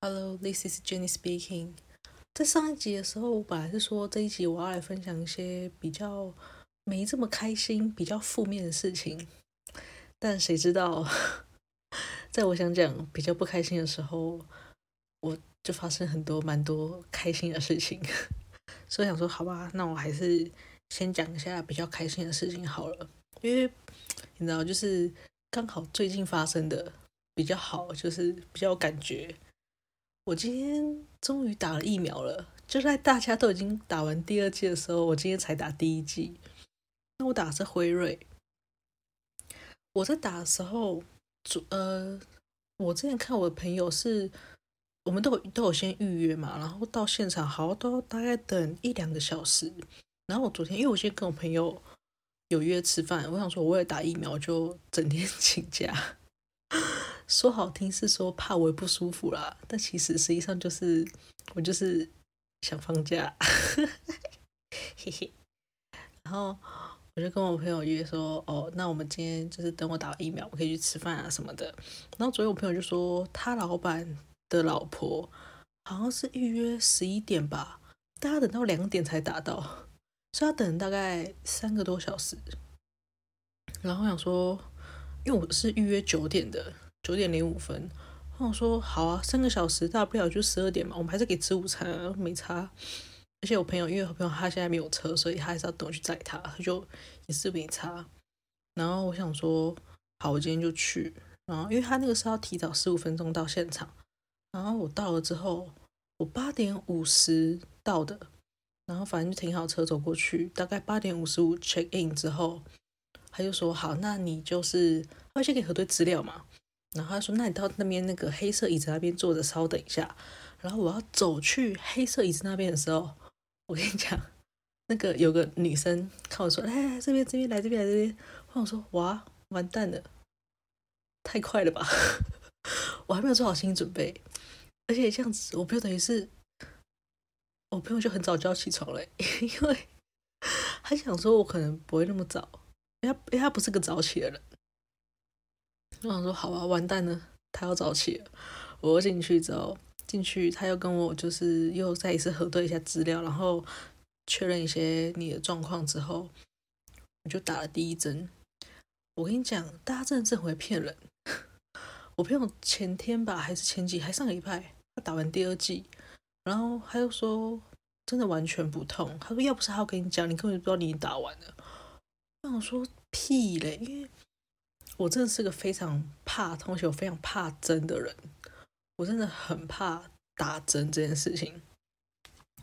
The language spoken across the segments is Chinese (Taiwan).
Hello, this is Jenny speaking. 在上一集的時候，我本來是說這一集我要來分享一些比較沒這麼開心、比較負面的事情。但誰知道，在我想講比較不開心的時候，我就發生很多蠻多開心的事情。所以想說，好吧，那我還是先講一下比較開心的事情好了，因為你知道，就是剛好最近發生的比較好，就是比較有感覺。我今天終於打了疫苗了，就在大家都已經打完第二劑的時候，我今天才打第一劑。那我打的是輝瑞。我在打的時候，呃，我之前看我的朋友是，我們都有都有先預約嘛，然後到現場好像都大概等一兩個小時。然後我昨天因為我今天跟我朋友有約吃飯，我想說我也打疫苗，就整天請假。說好聽是說怕我也不舒服啦，但其實實際上就是我就是想放假，嘿嘿，然後我就跟我朋友約說，哦，那我們今天就是等我打完疫苗，我可以去吃飯啊什麼的。然後昨天我朋友就說，他老板的老婆好像是預約十一點吧，大家等到兩點才打到，所以要等大概三個多小時。然後我想說，因為我是預約九點的。九點零五分，我說好啊，三個小時，大不了就十二點嘛，我們還是可以吃午餐啊，沒差。而且我朋友，因為我朋友他現在沒有車，所以他還是要等我去載他，他就也是沒差。然後我想說好，我今天就去。然後因為他那個是要提早十五分鐘到現場，然後我到了之後，我八點五十到的，然後反正就停好車走過去，大概八點五十五 check in 之後，他就說好，那你就是，而且可以核對資料嘛。然後他說：“那你到那邊那個黑色椅子那邊坐着，稍等一下。”然後我要走去黑色椅子那邊的時候，我跟你講，那個有個女生看我說：“哎，這邊這邊來，這邊，這邊來這邊，這邊”然後我說：“哇，完蛋了，太快了吧！ 我還沒有做好心理準備。”而且這樣子，我朋友等於是，我朋友就很早就要起床了，因為，他想說我可能不會那麼早，因為他因為他不是個早起的人。我想說，好吧，完蛋了，他要早起了。我進去之後，進去，他又跟我就是又再一次核對一下資料，然後確認一些你的狀況之後，我就打了第一針。我跟你講，大家真的這麼會騙人。 我朋友前天吧，還是前幾，還上禮拜，他打完第二劑，然後他又說，真的完全不痛。他說，要不是他，要跟你講，你根本就不知道你打完了。我想說，屁嘞，因為。我真的是個非常怕痛，而且我非常怕針的人。我真的很怕打針這件事情。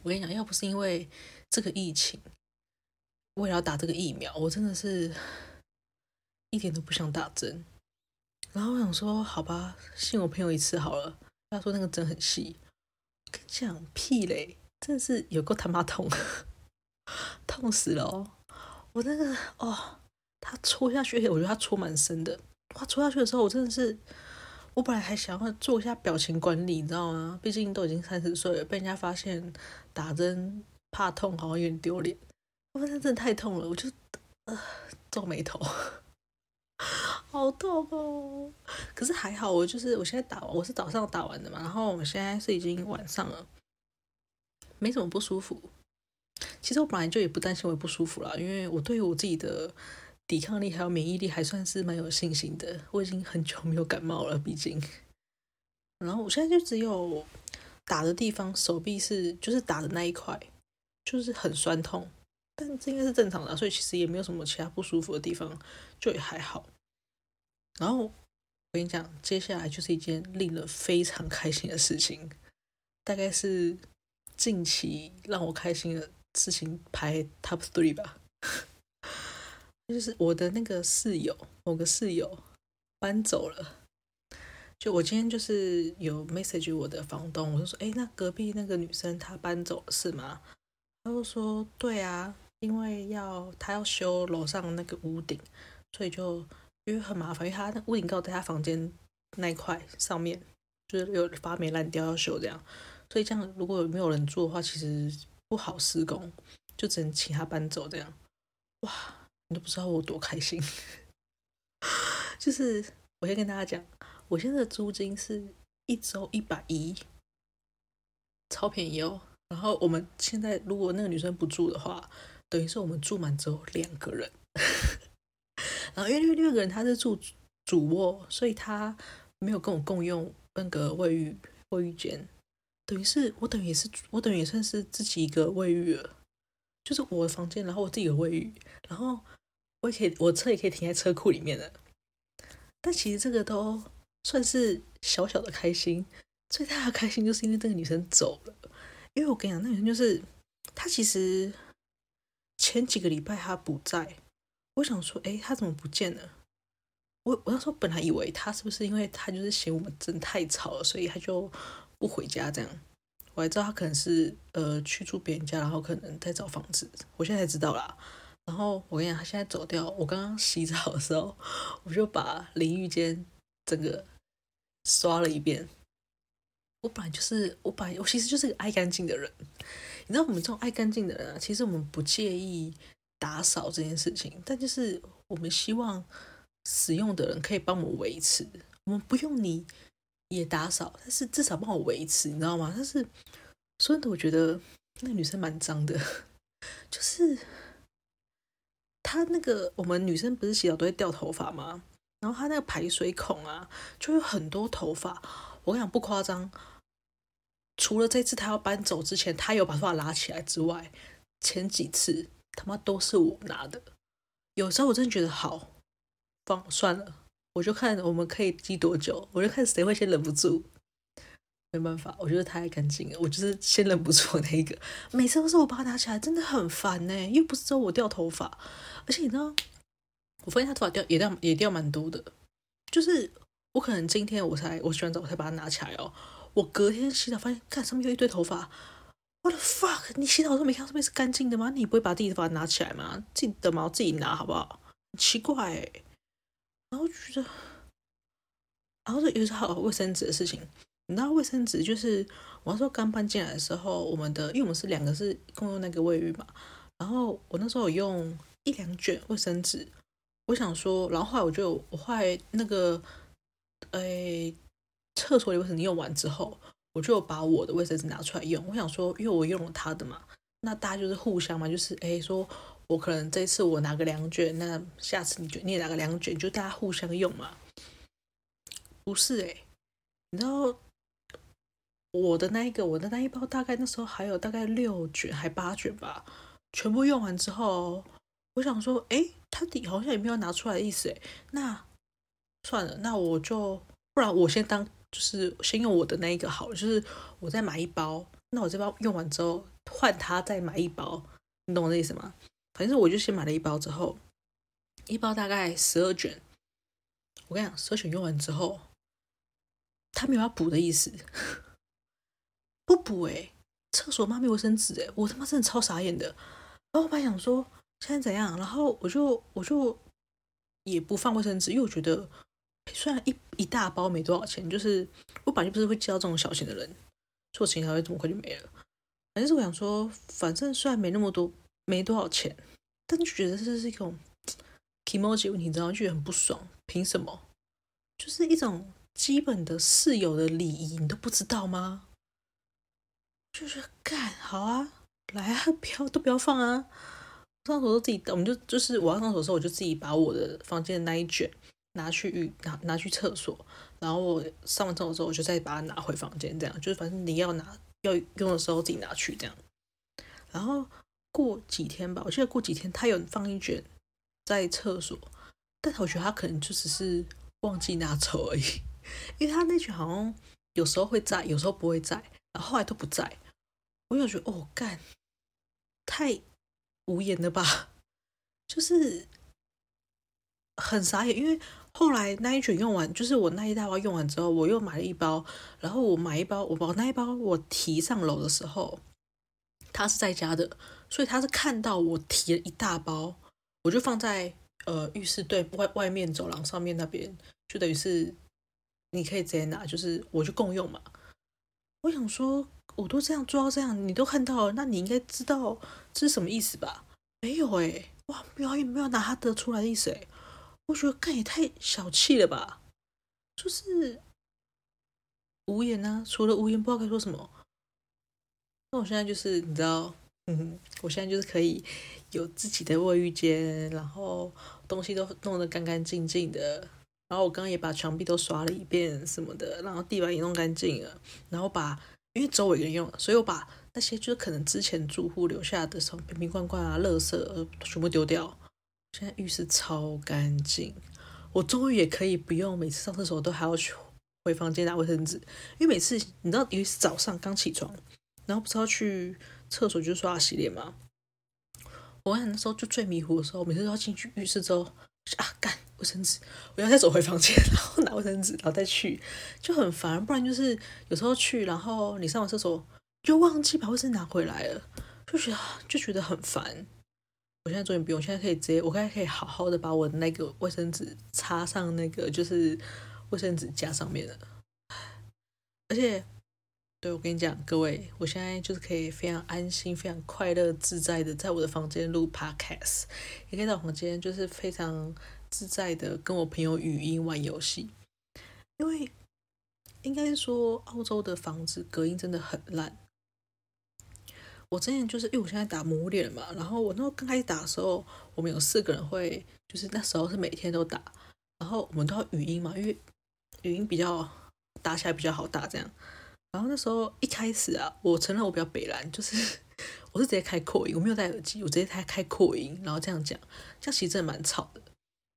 我跟你講，要不是因為這個疫情，我也要打這個疫苗，我真的是一點都不想打針。然後我想說，好吧，信我朋友一次好了。他說那個針很細，跟你講屁嘞，真的是有夠他媽痛，痛死了，哦！我那個哦。他戳下去，我覺得他戳蠻深的。他戳下去的時候，我真的是，我本來還想要做一下表情管理，你知道嗎？畢竟都已經三十歲了，被人家發現打針怕痛，好像有點丟臉。我發現真的太痛了，我就呃皺眉頭， 好痛哦。可是還好，我就是我現在打完，我是早上打完的嘛。然後我現在是已經晚上了，沒什麼不舒服。其實我本來就也不擔心我也不舒服了，因為我對於我自己的。抵抗力還有免疫力還算是蠻有信心的，我已經很久沒有感冒了，畢竟，然後我現在就只有打的地方，手臂是就是打的那一塊，就是很酸痛，但這應該是正常的啊，所以其實也沒有什麼其他不舒服的地方，就也還好。然後我跟你講，接下來就是一件令人非常開心的事情，大概是近期讓我開心的事情排 top three 吧。就是我的那個室友，某個室友搬走了。就我今天就是有 message 我的房東，我就說：“哎，那隔壁那個女生她搬走了是嗎？”他就說：“對啊，因為要他要修樓上那個屋頂，所以就因為很麻煩，因為他屋頂剛好在他房間那一塊上面，就是有發霉爛掉要修這樣。所以這樣如果沒有人住的話，其實不好施工，就只能請他搬走這樣。哇！”你都不知道我多開心！ 就是我先跟大家講，我現在的租金是一周一百一，超便宜哦。然後我們現在如果那個女生不住的話，等於是我們住滿只有兩個人。 然後因為那六個人她是住主臥，所以她沒有跟我共用那個衛浴衛浴間，等於是我等於也是我等於也算是自己一個衛浴了。就是我的房間，然後我自己有衛浴，然後我也可以，我車也可以停在車庫裡面的。但其實這個都算是小小的開心。最大的開心就是因為這個女生走了，因為我跟你講，那女生就是她，其實前幾個禮拜她不在，我想說，哎、欸，她怎麼不見了？我，我要說，本來以為她是不是因為她就是嫌我們真太吵了，所以她就不回家這樣。我還知道他可能是呃去住別人家，然後可能在找房子。我現在才知道啦。然後我跟你講，他現在走掉。我剛剛洗澡的時候，我就把淋浴間整個刷了一遍。我本來就是，我本來我其實就是個愛乾淨的人。你知道我們這種愛乾淨的人，啊，其實我們不介意打掃這件事情，但就是我們希望使用的人可以幫我們維持，我們不用你。也打掃，但是至少幫我維持，你知道嗎？但是所以我覺得那個女生蠻髒的，就是她那個我們女生不是洗澡都會掉頭髮嗎？然後她那個排水孔啊，就有很多頭髮。我跟你講不誇張，除了這次她要搬走之前，她有把頭髮拉起來之外，前幾次他媽都是我拿的。有時候我真的覺得好，放，算了。我就看我們可以積多久，我就看誰會先忍不住。沒辦法，我覺得太乾淨了，我就是先忍不住那個。每次都是我把它拿起來，真的很煩呢、欸。又不是只有我掉頭髮，而且你知道，我發現他頭髮掉也掉也掉蠻多的。就是我可能今天我才我洗完澡我才把它拿起來哦、喔，我隔天洗澡發現，看上面有一堆頭髮。What the fuck？你洗澡的時候沒看上面是乾淨的嗎？你不會把自己的頭髮拿起來嗎？自己的毛自己拿好不好？奇怪、欸。然後我覺得，然後就有時候衛生紙的事情，你知道，衛生紙就是我那時候剛搬進來的時候，我們的因為我們是兩個是共用那個衛浴嘛，然後我那時候有用一兩卷衛生紙，我想說，然後後來我就我後來那個，哎，廁所裡衛生紙用完之後，我就把我的衛生紙拿出來用，我想說，因為我用了他的嘛，那大家就是互相嘛，就是哎說。我可能這次我拿個兩捲，那下次你就你也拿個兩捲，你就大家互相用嘛。不是欸，你知道我的那一個，我的那一包大概那時候還有大概六捲還八捲吧，全部用完之後，我想說，欸，他好像也沒有拿出來的意思欸。那算了，那我就不然我先當就是先用我的那一個好了，就是我再買一包，那我這包用完之後換他再買一包，你懂我的意思嗎？反正我就先買了一包，之後一包大概十二卷。我跟你講，十二卷用完之後，他沒有要補的意思， 不補誒、欸，廁所媽咪衛生紙誒、欸，我他媽真的超傻眼的。然後我本來想說，現在怎樣，然後我就我就也不放衛生紙，因為我覺得雖然一一大包沒多少錢，就是我本來就不是會計較這種小錢的人，做事情還會這麼快就沒了。反正我想說，反正雖然沒那麼多。沒多少錢，但就覺得這是一種 kimochi 問題，你知道嗎？覺得很不爽，憑什麼？就是一種基本的室友的禮儀，你都不知道嗎？就是幹好啊，來啊，不要都不要放啊！上廁所都自己，我們就就是我要上廁所的時候，我就自己把我的房間的那一卷拿去拿拿去廁所，然後我上完廁所之後，我就再把它拿回房間，這樣就是反正你要拿要用的時候自己拿去這樣，然後。過幾天吧，我記得過幾天他有放一卷在廁所，但我覺得他可能就只是忘記拿走而已，因為他那卷好像有時候會在，有時候不會在，然後後來都不在，我有覺得哦幹，太無言了吧，就是很傻眼，因為後來那一卷用完，就是我那一大包用完之後，我又買了一包，然後我買一包，我把那一包我提上樓的時候，他是在家的。所以他是看到我提了一大包，我就放在呃浴室對外外面走廊上面那邊，就等於是你可以直接拿，就是我就共用嘛。我想說，我都這樣做到這樣，你都看到了，那你應該知道這是什麼意思吧？沒有誒、欸，哇，沒有也沒有拿他得出來的意思誒、欸，我覺得這也太小氣了吧，就是無言呢、啊，除了無言，不知道該說什麼。那我現在就是你知道。嗯，我現在就是可以有自己的衛浴間，然後東西都弄得乾乾淨淨的。然後我剛剛也把牆壁都刷了一遍什麼的，然後地板也弄乾淨了。然後把因為周圍人用了，所以我把那些就是可能之前住戶留下的什麼瓶瓶罐罐啊、垃圾啊，全部丟掉。現在浴室超乾淨，我終於也可以不用每次上廁所都還要去回房間拿衛生紙，因為每次你知道，尤其是早上剛起床，然後不知道去。廁所就是刷牙洗臉嘛。我那時候就最迷糊的時候，每次都要進去浴室之後啊，乾衛生紙，我要再走回房間，然後拿衛生紙，然後再去，就很煩。不然就是有時候去，然後你上完廁所又忘記把衛生紙拿回來了，就覺得就覺得很煩。我現在終於不用，我現在可以直接，我剛才可以好好的把我的那個衛生紙插上那個就是衛生紙架上面了，而且。所以我跟你講，各位，我現在就是可以非常安心、非常快樂、自在的在我的房間錄 Podcast，也可以在房間就是非常自在的跟我朋友語音玩遊戲。因為應該是說，澳洲的房子隔音真的很爛。我之前就是因為我現在打魔物獵人嘛，然後我那時候剛開始打的時候，我們有四個人會，就是那時候是每天都打，然後我們都要語音嘛，因為語音比較打起來比較好打這樣。然後那時候一開始啊，我承認我比較北藍，就是我是直接開擴音，我沒有戴耳機，我直接開開擴音，然後這樣講，這樣其實真的蠻吵的。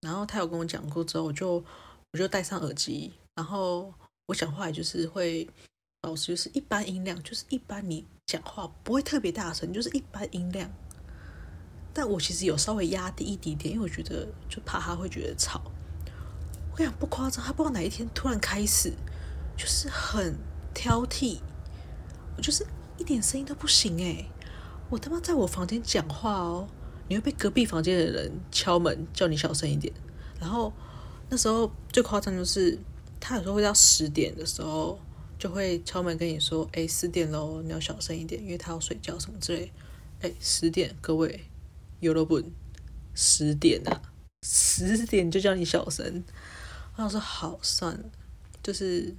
然後他有跟我講過之後，我就我就戴上耳機，然後我講話也就是會老實就是一般音量，就是一般你講話不會特別大聲，就是一般音量。但我其實有稍微壓低一點點，因為我覺得就怕他會覺得吵。我跟你講不誇張，他不知道哪一天突然開始就是很。挑剔，我就是一點聲音都不行哎、欸！我他媽在我房間講話哦，你會被隔壁房間的人敲門叫你小聲一點。然後那時候最誇張就是，他有時候會到十點的時候就會敲門跟你說：“哎，十點嘍，你要小聲一點，因為他要睡覺什麼之類。”哎，十點，各位，尤羅本，十點啊，十點就叫你小聲。然後我說，好算了，就是。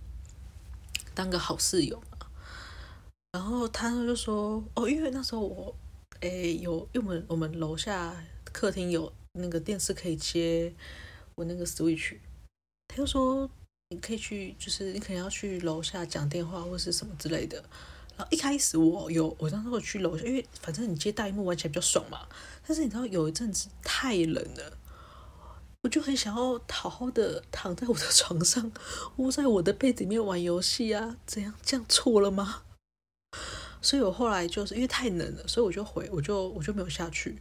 當個好室友嘛，然後他就說哦，因為那時候我誒、欸、有因為我們我們樓下客廳有那個電視可以接我那個 switch，他就說你可以去就是你可能要去樓下講電話或是什麼之類的。然後一開始我有我當時我去樓下，因為反正你接大螢幕玩起來比較爽嘛。但是你知道有一陣子太冷了。我就很想要好好的躺在我的床上，窩在我的被子裡面玩遊戲啊，怎樣？這樣錯了嗎？所以我後來就是因為太冷了，所以我就回，我就我就沒有下去。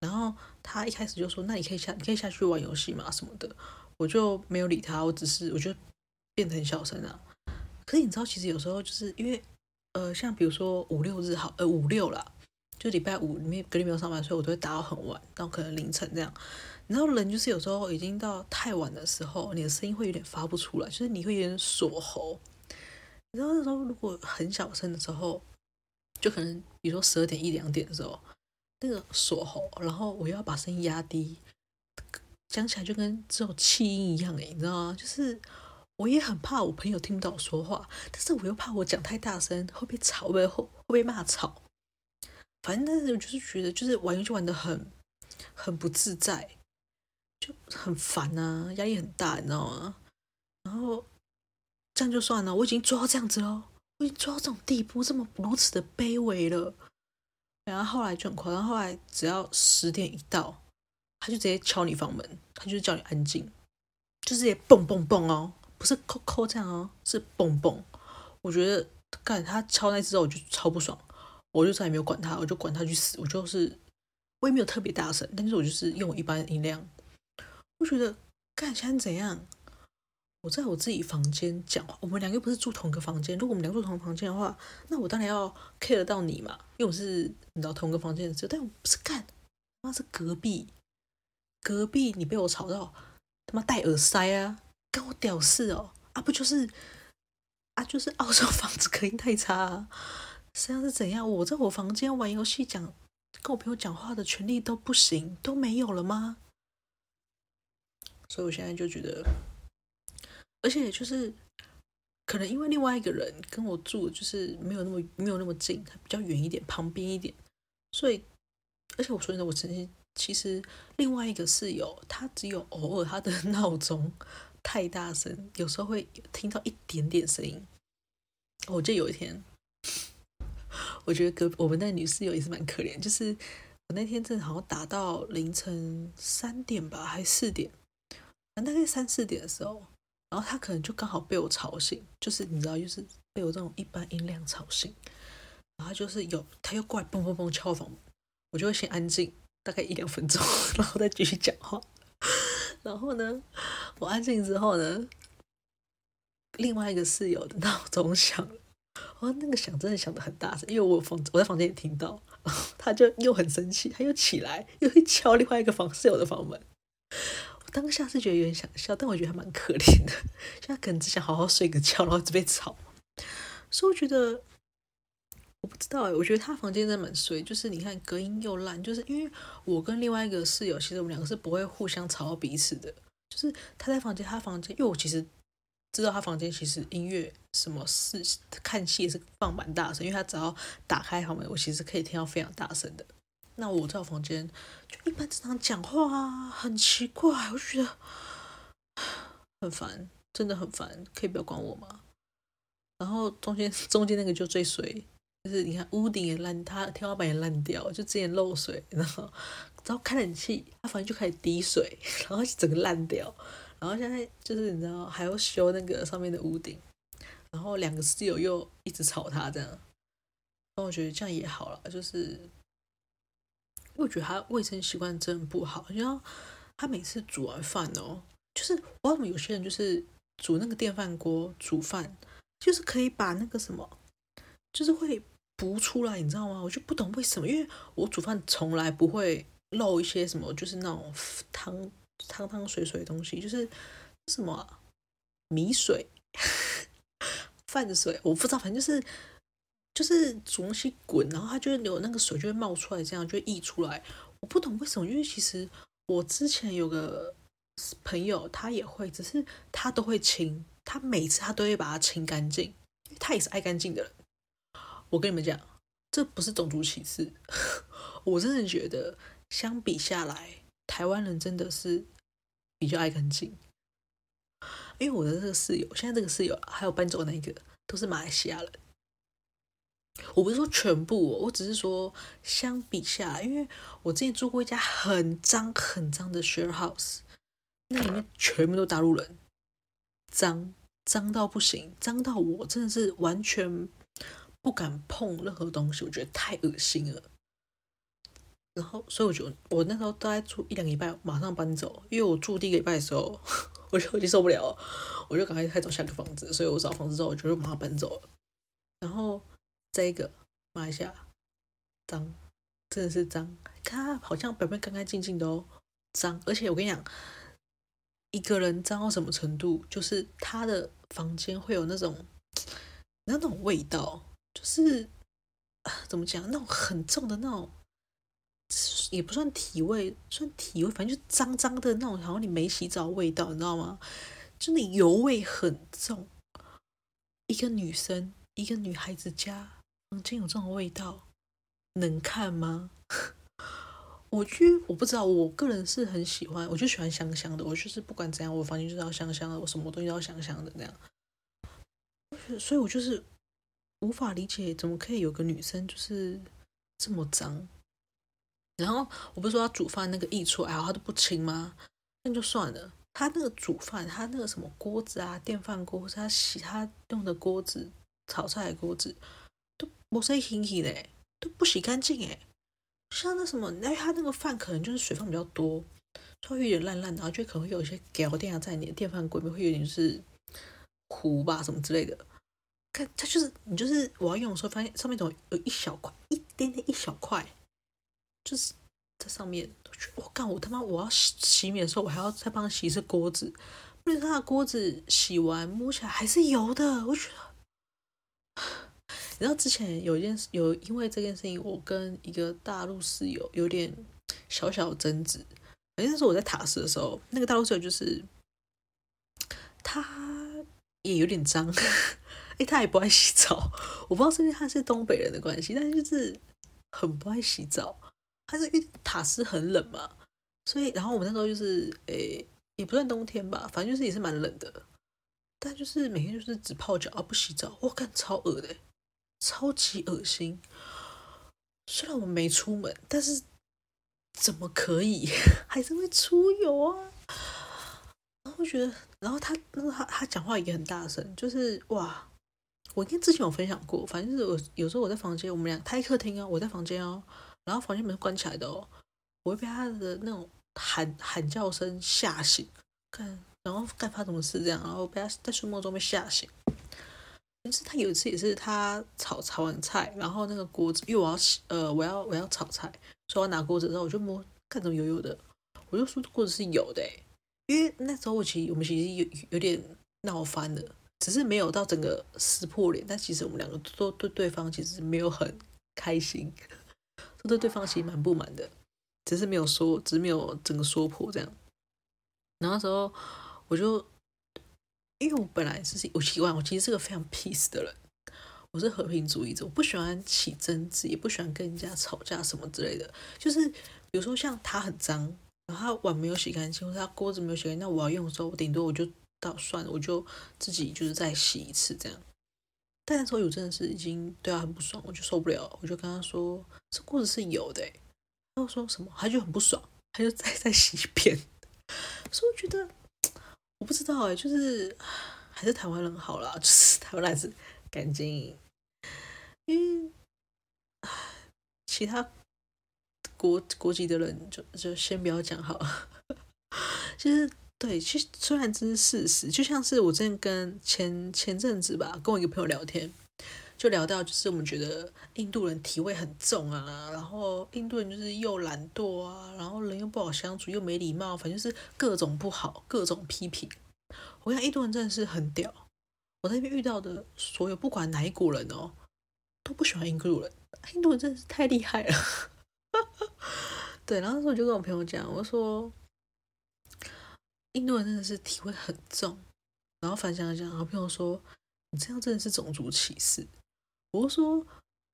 然後他一開始就說：“那你可以下，你可以下去玩遊戲嘛，什麼的。”我就沒有理他，我只是我就變得變成小聲啊。可是你知道，其實有時候就是因為，呃，像比如說五六日好，呃五六了，就禮拜五裡面隔離沒有上班，所以我都會打到很晚，到可能凌晨這樣。你知道，人就是有時候已經到太晚的時候，你的聲音會有點發不出來，就是你會有點鎖喉。你知道那時候如果很小聲的時候，就可能比如說十二點一兩點的時候，那個鎖喉，然後我又要把聲音壓低，講起來就跟這種氣音一樣欸，你知道嗎？就是我也很怕我朋友聽不到我說話，但是我又怕我講太大聲會被吵，會被會被罵吵。反正但是我就是覺得就是玩遊戲玩的很很不自在。就很煩啊，壓力很大，你知道嗎？然後這樣就算了，我已經做到這樣子了，我已經做到這種地步，這麼如此的卑微了。然後後來就很狂，然後後來只要十點一到，他就直接敲你房門，他就叫你安靜，就是也蹦蹦蹦哦，不是摳摳這樣哦，是蹦蹦。我覺得，幹，他敲那之後，我就超不爽，我就再也沒有管他，我就管他去死，我就是我也沒有特別大聲，但是我就是用一般的音量。就覺得幹，現在怎樣？我在我自己房間講話，我們倆又不是住同一個房間。如果我們倆住同個房間的話，那我當然要 care 到你嘛，因為我是你知道同個房間的時候。但我不是幹，他媽是隔壁，隔壁你被我吵到，他媽戴耳塞啊，跟我屌事哦啊，不就是啊，就是澳洲房子隔音太差啊，實際上是怎樣？我在我房間玩遊戲講，跟我朋友講話的權利都不行，都沒有了嗎？所以，我現在就覺得，而且就是可能因為另外一個人跟我住，就是沒有那麼沒有那麼近，比較遠一點，旁邊一點。所以，而且我說真的，我曾經其實另外一個室友，他只有偶爾他的鬧鐘太大聲，有時候會聽到一點點聲音。我就有一天，我覺得隔我們那女室友也是蠻可憐，就是我那天正好打到凌晨三點吧，還四點。大概三四點的時候，然後他可能就剛好被我吵醒，就是你知道，就是被我這種一般音量吵醒，然後就是有他又過來砰砰砰敲房門，我就會先安靜大概一兩分鐘，然後再繼續講話。然後呢，我安靜之後呢，另外一個室友的鬧鐘響了，那我想那個響真的響的很大聲，因為我我在房間裡聽到，然後他就又很生氣，他又起來，又去敲另外一個房室友的房門。當下是覺得有點想笑，但我覺得還蠻可憐的，現在可能只想好好睡個覺，然後被吵。所以我覺得，我不知道哎、欸，我覺得他房間真的蠻衰，就是你看隔音又爛，就是因為我跟另外一個室友，其實我們兩個是不會互相吵到彼此的。就是他在房間，他房間，因為我其實知道他房間其實音樂什麼是，是看戲是放蠻大聲，因為他只要打開房門，我其實可以聽到非常大聲的。那我在我房間就一般正常講話啊，很奇怪，我覺得很煩，真的很煩，可以不要管我嗎？然後中間中間那個就最水，就是你看屋頂也爛，他天花板也爛掉，就之前漏水，然後然後開冷氣，他反正就開始滴水，然後整個爛掉，然後現在就是你知道還要修那個上面的屋頂，然後兩個室友又一直吵他這樣，然後我覺得這樣也好了，就是。我覺得他衛生習慣真的不好，你知道他每次煮完飯哦，就是我為什麼有些人就是煮那個電飯鍋煮飯，就是可以把那個什麼，就是會浮出來，你知道嗎？我就不懂為什麼，因為我煮飯從來不會漏一些什麼，就是那種湯湯湯水水的東西，就是什麼、啊、米水、 飯水，我不知道，反正就是。就是煮東西滾，然後它就會流那個水就會冒出來，這樣就溢出來。我不懂為什麼，因為其實我之前有個朋友他也會，只是他都會清，他每次他都會把它清乾淨，因為他也是愛乾淨的人。我跟你們講，這不是種族歧視， 我真的覺得相比下來，台灣人真的是比較愛乾淨。因為我的這個室友，現在這個室友還有搬走那一個，都是馬來西亞人。我不是說全部，我只是說，相比下，因為我之前住過一家很髒很髒的 share house，那裡面全部都大陸人，髒髒到不行，髒到我真的是完全不敢碰任何東西，我覺得太惡心了。然後，所以我就我那時候大概住一兩禮拜，馬上搬走，因為我住第一個禮拜的時候，我就已經受不了了，我就趕快開始找下個房子，所以我找房子之後，我就就馬上搬走了，然後。這個，馬來西亞，髒，真的是髒。看他，好像表面乾乾淨淨的哦，髒。而且我跟你講，一個人髒到什麼程度，就是他的房間會有那種，那種味道，就是，啊、怎麼講，那種很重的那種，也不算體味，算體味，反正就髒髒的那種，然後你沒洗澡味道，你知道嗎？就那油味很重。一個女生，一個女孩子家。房間有這種味道，能看嗎？ 我我不知道，我個人是很喜歡，我就喜歡香香的。我就是不管怎樣，我房間就是要香香的，我什麼東西都要香香的那樣。所以，我就是無法理解，怎麼可以有個女生就是這麼髒？然後我不是說她煮飯那個溢出來，然後她都不清嗎？那就算了。她那個煮飯，她那個什麼鍋子啊，電飯鍋，或是她洗她用的鍋子、炒菜的鍋子。我是嫌棄的，都不洗乾淨哎、欸。像那什麼，因為它那個飯可能就是水分比較多，所以有點爛爛的。然後就可能會有一些膠墊啊在你的電飯鍋裡面會有點是糊吧，什麼之類的。看它就是，你就是我要用的時候，發現上面總有一小塊，一點點一小塊，就是在上面。我幹，我他媽，我要洗洗米的時候，我還要再幫它洗一次鍋子。不然它的鍋子洗完摸起來還是油的，我覺得。你知道之前有一件事，有因為這件事情，我跟一個大陸室友有點小小爭執。反正那時候我在塔斯的時候，那個大陸室友就是他也有點髒，為、欸、他也不愛洗澡。我不知道是不是他是東北人的關係，但是就是很不愛洗澡。他是因為塔斯很冷嘛，所以然後我們那時候就是，誒、欸、也不算冬天吧，反正就是也是蠻冷的。但就是每天就是只泡腳而、啊、不洗澡，我感覺超噁的、欸。超級噁心，雖然我沒出門，但是怎麼可以還是會出油啊？然後我覺得，然後他，那個他，他講話也很大聲，就是哇！我應該之前有分享過，反正就是我有，有時候我在房間，我們倆開客廳啊、哦，我在房間哦，然後房間門關起來的哦，我會被他的那種喊喊叫聲嚇醒，幹，然後幹發什麼事這樣，然後被他在睡夢中被嚇醒。但是他有一次也是他炒，炒完菜，然後那個鍋子因為我要洗，呃，我要我要炒菜，所以我拿鍋子的時候，我就摸，看着油油的，我就說鍋子是油的，因為那時候我其實我們其實有有點鬧翻了，只是沒有到整個撕破臉，但其實我們兩個都對對方其實沒有很開心，都對對方其實蠻不滿的，只是沒有說，只是沒有整個說破這樣。然後那時候我就。因為我本來就是，我習慣，我其實是個非常 peace 的人，我是和平主義者，我不喜歡起爭執，也不喜歡跟人家吵架什麼之類的。就是比如說像他很髒，然後他碗沒有洗乾淨，或者他鍋子沒有洗乾淨，那我要用的時候，我頂多我就到算了，我就自己就是再洗一次這樣。但那時候我真的是已經對他、啊、很不爽，我就受不了，我就跟他說這鍋子是有的。他說什麼，他就很不爽，他就再再洗一遍。所以我覺得。我不知道哎、欸，就是還是台灣人好啦，就是台灣人還是乾淨，因為其他國國籍的人就就先不要講好了、 就是。就是對，其實雖然這是事實，就像是我之前跟前前陣子吧，跟我一個朋友聊天。就聊到，就是我們覺得印度人體味很重啊，然後印度人就是又懶惰啊，然後人又不好相處，又沒禮貌，反正就是各種不好，各種批評。我想印度人真的是很屌，我在那邊遇到的所有不管哪一國人哦，都不喜歡印度人，印度人真的是太厲害了。 對，然後我就跟我朋友講，我就說印度人真的是體味很重，然後反向講，然後我朋友說，你這樣真的是種族歧視。我說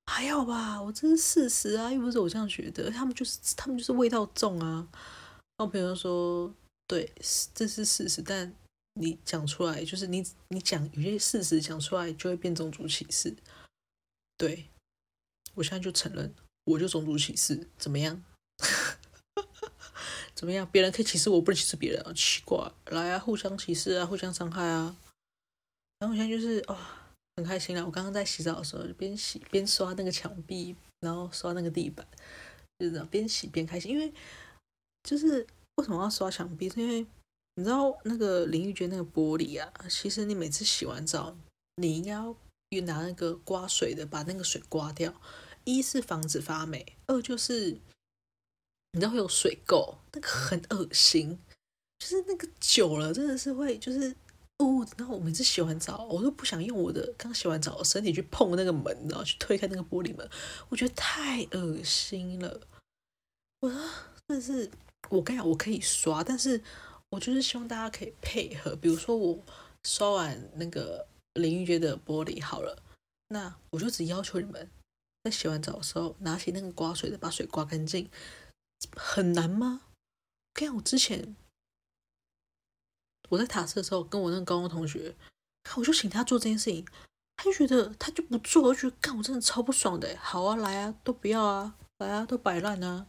還好吧，我這是事實啊，又不是我這樣覺得。他們就是他們就是味道重啊。然後我朋友說，對，這是事實，但你講出來就是你你講有些事實講出來就會變種族歧視。對，我現在就承認，我就種族歧視，怎麼樣？ 怎麼樣？別人可以歧視我，不能歧視別人啊？奇怪，來啊，互相歧視啊，互相傷害啊。然後我現在就是啊。哦很開心啦，我剛剛在洗澡的時候，就邊洗邊刷那個牆壁，然後刷那個地板，就這樣邊洗邊開心。因為就是為什麼要刷牆壁？是因為你知道那個淋浴間那個玻璃啊，其實你每次洗完澡，你應該要拿那個刮水的把那個水刮掉，一是防止發霉，二就是你知道會有水垢，那個很噁心，就是那個久了真的是會就是。哦，然後我每次洗完澡，我都不想用我的剛洗完澡的身體去碰那個門，然後去推開那個玻璃門，我覺得太噁心了。我說，但是我跟你講，我可以刷，但是我就是希望大家可以配合。比如說我刷完那個淋浴間的玻璃好了，那我就只要求你們在洗完澡的時候，拿起那個刮水的，把水刮乾淨。很難嗎？跟我，我之前。我在塔斯的時候，跟我那個高中的同學，我就請他做這件事情，他就覺得他就不做，我就覺得幹，我真的超不爽的。好啊，來啊，都不要啊，來啊，都擺爛啊，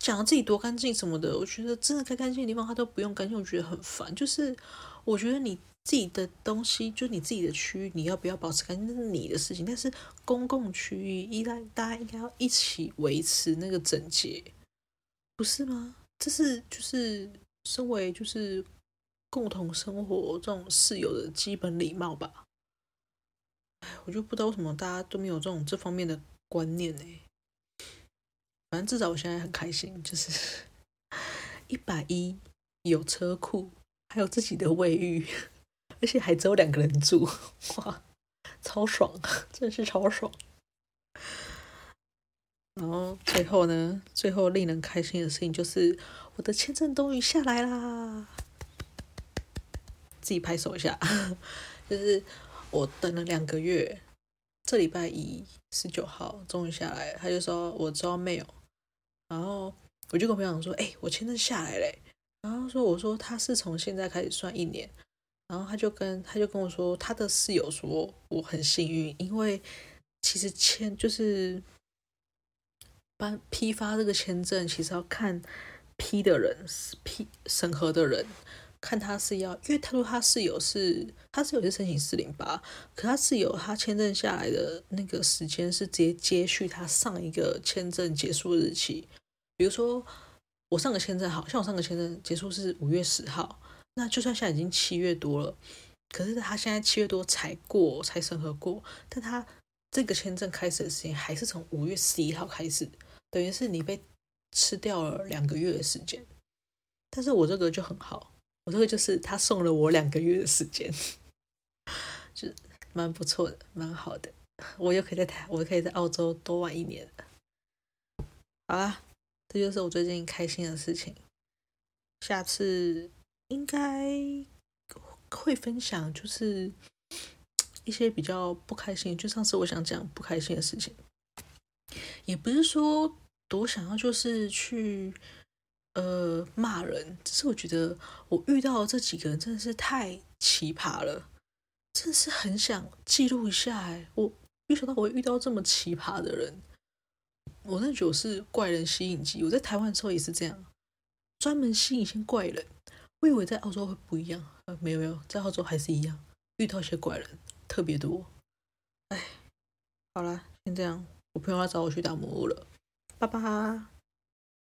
講自己多乾淨什麼的。我覺得真的該乾，乾淨的地方，他都不用乾淨，我覺得很煩。就是我覺得你自己的東西，就是你自己的區域，你要不要保持乾淨，那是你的事情。但是公共區域，應該大家應該要一起維持那個整潔，不是嗎？這是就是身為就是。共同生活這種室友的基本禮貌吧，哎，我就不知道為什麼大家都沒有這種這方面的觀念呢、欸。反正至少我現在很開心，就是一百一有車庫，還有自己的衛浴，而且還只有兩個人住，哇，超爽，真是超爽。然後最後呢，最後令人開心的事情就是我的簽證終於下來啦。自己拍手一下，就是我等了兩個月，這禮拜一十九號終於下來，他就說我知道沒有，然後我就跟朋友講說，哎、欸，我簽證下來嘞，然後說我說他是從現在開始算一年，然後他就跟他就跟我說他的室友說我很幸運，因為其實簽就是，辦批發這個簽證其實要看批的人是批審核的人。看他是要，因為他說他室友是，他室友是申請四零八，可他室友他簽證下來的那個時間是直接接續他上一個簽證結束日期。比如說我上個簽證好像我上個簽證結束是五月十號，那就算現在已經七月多了，可是他現在七月多才過才審核過，但他這個簽證開始的時間還是從五月十一號開始，等於是你被吃掉了兩個月的時間，但是我這個就很好。我這個就是他送了我兩個月的時間， 就蠻不錯的，蠻好的。我又可以在台，我可以在澳洲多玩一年。好啦，這就是我最近開心的事情。下次應該會分享，就是一些比較不開心。就上次我想講不開心的事情，也不是說多想要，就是去。呃，罵人。只是我覺得，我遇到這幾個人真的是太奇葩了，真的是很想記錄一下。我沒想到我會遇到這麼奇葩的人。我那覺得我是怪人吸引機。我在台灣的時候也是這樣，專門吸引一些怪人。我以為在澳洲會不一樣，呃，沒有沒有，在澳洲還是一樣，遇到一些怪人特別多。哎，好啦，先這樣。我朋友要找我去打魔物了，拜拜。